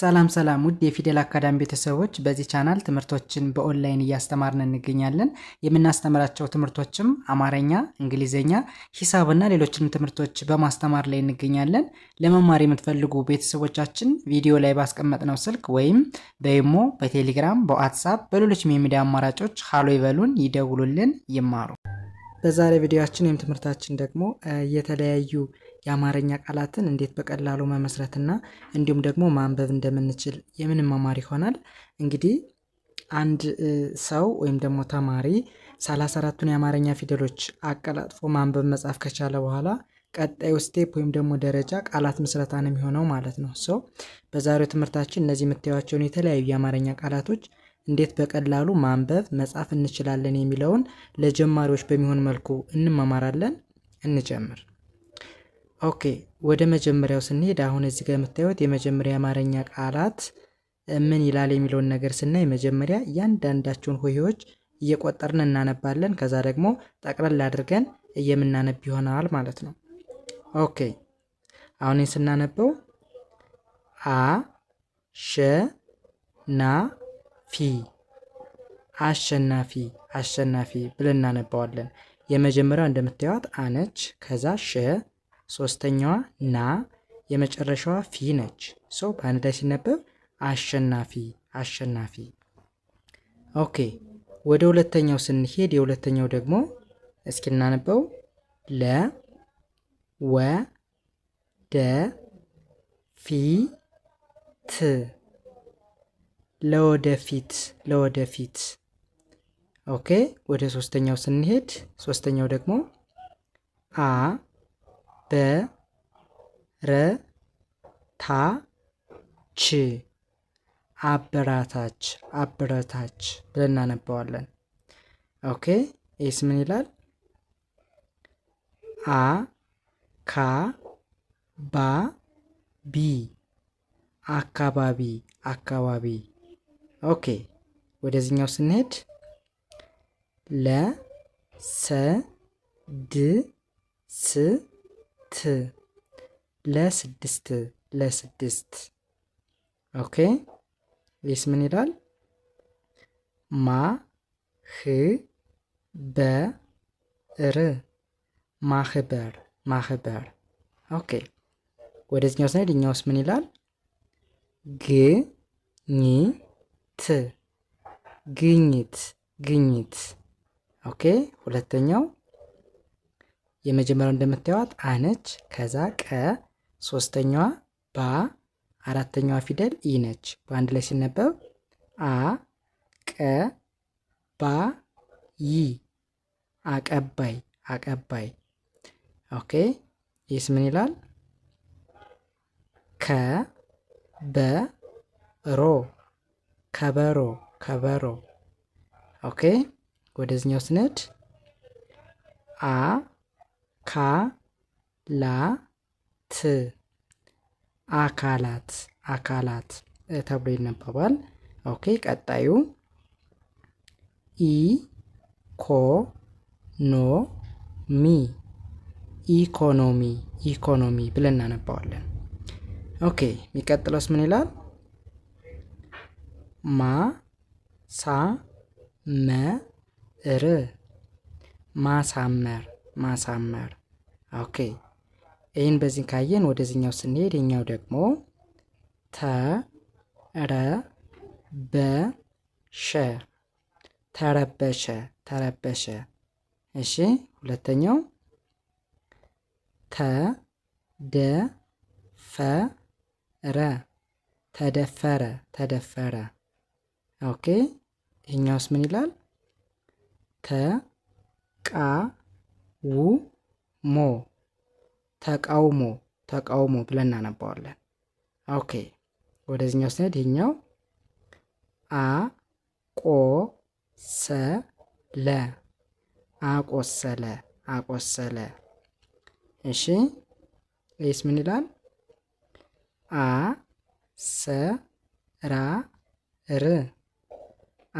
ሰላም ሰላም ውድ የፊደል አካዳሚ ቤተሰቦች፣ በዚህ ቻናል ትምህርቶችን በኦንላይን እያስተማርን እንገኛለን። የምናስተምራቸው ትምህርቶችም አማርኛ፣ እንግሊዝኛ፣ ሂሳብና ሌሎችንም ትምህርቶች በማስተማር ላይ እንገኛለን። ለመማር የምትፈልጉ ቤተሰቦቻችን ቪዲዮ ላይ ባስቀመጥነው ስልክ ወይም በይሞ በቴሌግራም በዋትሳፕ በሌሎችም የሚዲያ አማራጮች ሀሎ ይበሉን፣ ይደውሉልን፣ ይማሩ። በዛሬ ቪዲዮችን ወይም ትምህርታችን ደግሞ የተለያዩ የአማርኛ ቃላትን እንዴት በቀላሉ መመስረትና እንዲሁም ደግሞ ማንበብ እንደምንችል የምንማማር ይሆናል። እንግዲህ አንድ ሰው ወይም ደግሞ ተማሪ ሰላሳ አራቱን የአማርኛ ፊደሎች አቀላጥፎ ማንበብ መጻፍ ከቻለ በኋላ ቀጣዩ ስቴፕ ወይም ደግሞ ደረጃ ቃላት ምስረታ ነው የሚሆነው ማለት ነው። ሰው በዛሬው ትምህርታችን እነዚህ የምታዩቸውን የተለያዩ የአማርኛ ቃላቶች እንዴት በቀላሉ ማንበብ መጻፍ እንችላለን የሚለውን ለጀማሪዎች በሚሆን መልኩ እንማማራለን። እንጀምር። ኦኬ ወደ መጀመሪያው ስንሄድ አሁን እዚህ ጋር የምታዩት የመጀመሪያ የአማርኛ ቃላት ምን ይላል የሚለውን ነገር ስናይ መጀመሪያ እያንዳንዳቸውን ሆሄዎች እየቆጠርን እናነባለን። ከዛ ደግሞ ጠቅለል አድርገን የምናነብ ይሆናል ማለት ነው። ኦኬ አሁን ስናነበው አ ሸ ና ፊ አሸናፊ አሸናፊ ብለን እናነባዋለን። የመጀመሪያው እንደምታዩት አነች ከዛ ሸ ሶስተኛዋ ና የመጨረሻዋ ፊ ነች። ሶ በአንድ ላይ ሲነበብ አሸናፊ አሸናፊ። ኦኬ ወደ ሁለተኛው ስንሄድ የሁለተኛው ደግሞ እስኪ እናነበው ለ ወ ደ ፊ ት ለወደፊት ለወደፊት። ኦኬ ወደ ሶስተኛው ስንሄድ ሶስተኛው ደግሞ አ በረታች አበራታች አበረታች ብለን እናነባዋለን። ኦኬ ይህስ ምን ይላል? አ ካ ባ ቢ አካባቢ አካባቢ። ኦኬ ወደዚህኛው ስንሄድ ለ ሰ ድ ስ ት ለስድስት ለስድስት ኦኬ ይስ ምን ይላል? ማ ህ በ ር ማህበር ማህበር። ኦኬ ወደዚኛው ስናይ ድኛውስ ምን ይላል? ግ ኝ ት ግኝት ግኝት። ኦኬ ሁለተኛው የመጀመሪያው እንደምታዩት አነች ከዛ ቀ ሶስተኛዋ ባ አራተኛዋ ፊደል ኢ ነች። በአንድ ላይ ሲነበብ አ ቀ ባ ይ አቀባይ አቀባይ። ኦኬ ይህስ ምን ይላል? ከ በ ሮ ከበሮ ከበሮ። ኦኬ ወደዚህኛው ስንድ አ አካላት አካላት አካላት ተብሎ ይነበባል። ኦኬ ቀጣዩ ኢኮኖሚ ኢኮኖሚ ኢኮኖሚ ብለን እናነባዋለን። ኦኬ የሚቀጥለውስ ምን ይላል? ማ ሳ መ ማሳመር ማሳመር ኦኬ ይህን በዚህ ካየን ወደዚህኛው ስንሄድ የኛው ደግሞ ተረ በሸ ተረበሸ ተረበሸ። እሺ ሁለተኛው ተደፈረ ረ ተደፈረ ተደፈረ። ኦኬ ይህኛውስ ምን ይላል? ተቃ ው ሞ ተቃውሞ ተቃውሞ ብለን እናነባዋለን። ኦኬ ወደዚህኛው ስንሄድ ይህኛው አ ቆ ሰ ለ አቆሰለ አቆሰለ። እሺ ይስ ምን ይላል? አ ሰ ራ ር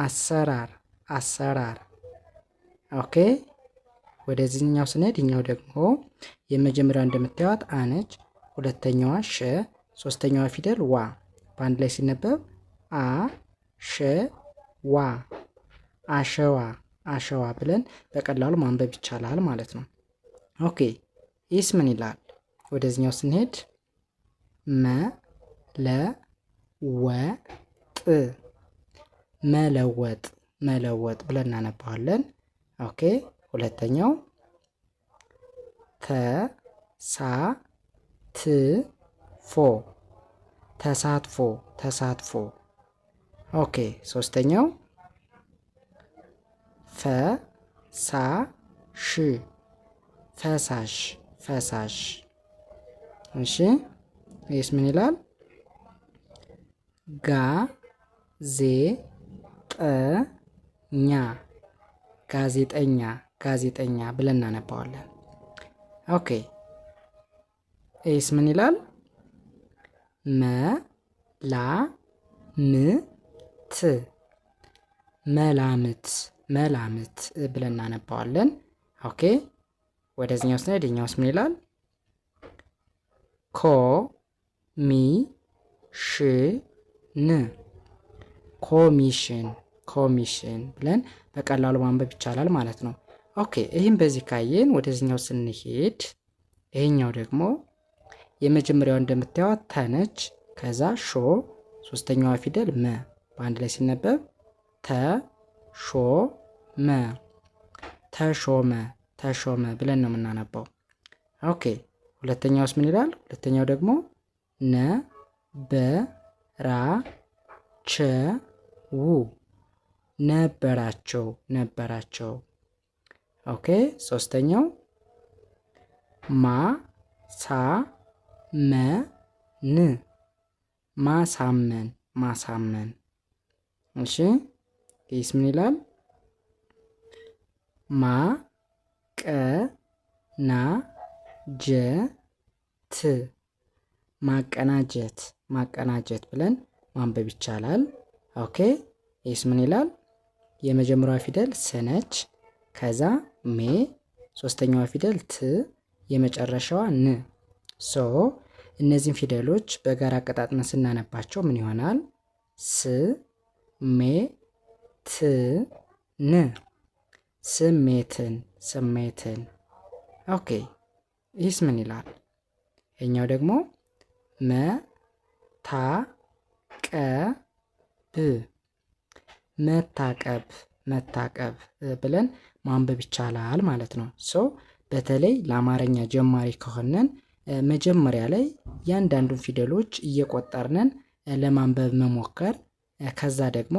አሰራር አሰራር። ኦኬ ወደዚህኛው ስንሄድ ኛው ደግሞ የመጀመሪያ እንደምታዩት አነች፣ ሁለተኛዋ ሸ፣ ሶስተኛዋ ፊደል ዋ። በአንድ ላይ ሲነበብ አ ሸ ዋ አሸዋ አሸዋ ብለን በቀላሉ ማንበብ ይቻላል ማለት ነው። ኦኬ ይህስ ምን ይላል? ወደዚህኛው ስንሄድ መ ለ ወ ጥ መለወጥ መለወጥ ብለን እናነባዋለን። ኦኬ ሁለተኛው ተሳትፎ ተሳትፎ ተሳትፎ። ኦኬ ሶስተኛው ፈሳሽ ፈሳሽ ፈሳሽ። እሺ ይህስ ምን ይላል? ጋዜጠኛ ጋዜጠኛ ጋዜጠኛ ብለን እናነባዋለን። ኦኬ ኤስ ምን ይላል? መላምት መላምት መላምት ብለን እናነባዋለን። ኦኬ ወደዚህኛው ስንሄድ ይኸኛውስ ምን ይላል? ሽ ን ኮሚሽን ኮሚሽን ብለን በቀላሉ ማንበብ ይቻላል ማለት ነው። ኦኬ ይህም በዚህ ካየን ወደዚህኛው ስንሄድ ይህኛው ደግሞ የመጀመሪያው እንደምታዩት ተነች ከዛ ሾ ሶስተኛዋ ፊደል መ በአንድ ላይ ሲነበብ ተ ሾ መ ተሾመ ተሾመ ብለን ነው የምናነባው። ኦኬ ሁለተኛውስ ምን ይላል? ሁለተኛው ደግሞ ነ በራ ቸ ው ነበራቸው ነበራቸው ኦኬ ሶስተኛው ማ ሳ መ ን ማሳመን ማሳመን። እሺ ይስ ምን ይላል? ማ ቀ ና ጀ ት ማቀናጀት ማቀናጀት ብለን ማንበብ ይቻላል። ኦኬ ይስ ምን ይላል? የመጀመሪያ ፊደል ሰነች ከዛ ሜ ሶስተኛዋ ፊደል ት የመጨረሻዋ ን ሶ እነዚህን ፊደሎች በጋራ አቀጣጥመን ስናነባቸው ምን ይሆናል? ስ ሜ ት ን ስሜትን ስሜትን። ኦኬ ይህስ ምን ይላል? ይህኛው ደግሞ መ ታ ቀ ብ መታቀብ መታቀብ ብለን ማንበብ ይቻላል ማለት ነው። ሶ በተለይ ለአማርኛ ጀማሪ ከሆነን መጀመሪያ ላይ እያንዳንዱን ፊደሎች እየቆጠርነን ለማንበብ መሞከር፣ ከዛ ደግሞ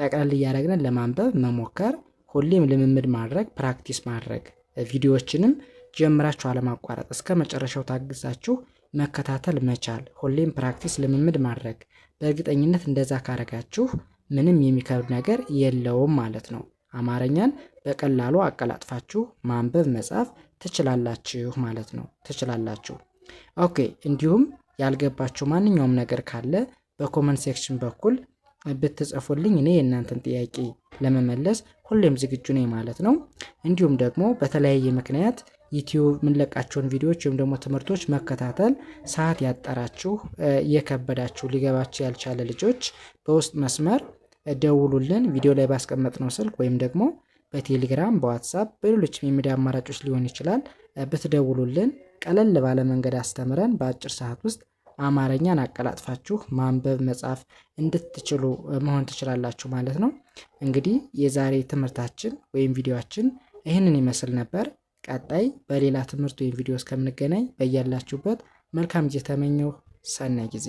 ጠቅለል እያደረግነን ለማንበብ መሞከር፣ ሁሌም ልምምድ ማድረግ፣ ፕራክቲስ ማድረግ፣ ቪዲዮዎችንም ጀምራችሁ አለማቋረጥ እስከ መጨረሻው ታግዛችሁ መከታተል መቻል፣ ሁሌም ፕራክቲስ ልምምድ ማድረግ። በእርግጠኝነት እንደዛ ካረጋችሁ ምንም የሚከብድ ነገር የለውም ማለት ነው። አማርኛን በቀላሉ አቀላጥፋችሁ ማንበብ መጻፍ ትችላላችሁ ማለት ነው። ትችላላችሁ። ኦኬ። እንዲሁም ያልገባችሁ ማንኛውም ነገር ካለ በኮመንት ሴክሽን በኩል ብትጽፉልኝ እኔ የእናንተን ጥያቄ ለመመለስ ሁሌም ዝግጁ ነኝ ማለት ነው። እንዲሁም ደግሞ በተለያየ ምክንያት ዩቲዩብ የምንለቃቸውን ቪዲዮዎች ወይም ደግሞ ትምህርቶች መከታተል ሰዓት ያጠራችሁ፣ እየከበዳችሁ፣ ሊገባችሁ ያልቻለ ልጆች በውስጥ መስመር ደውሉልን። ቪዲዮ ላይ ባስቀመጥነው ስልክ ወይም ደግሞ በቴሌግራም በዋትሳፕ በሌሎችም የሚዲያ አማራጮች ሊሆን ይችላል ብትደውሉልን ቀለል ባለ መንገድ አስተምረን በአጭር ሰዓት ውስጥ አማርኛን አቀላጥፋችሁ ማንበብ መጻፍ እንድትችሉ መሆን ትችላላችሁ ማለት ነው። እንግዲህ የዛሬ ትምህርታችን ወይም ቪዲዮችን ይህንን ይመስል ነበር። ቀጣይ በሌላ ትምህርት ወይም ቪዲዮ እስከምንገናኝ በያላችሁበት መልካም ጊዜ ተመኘሁ። ሰናይ ጊዜ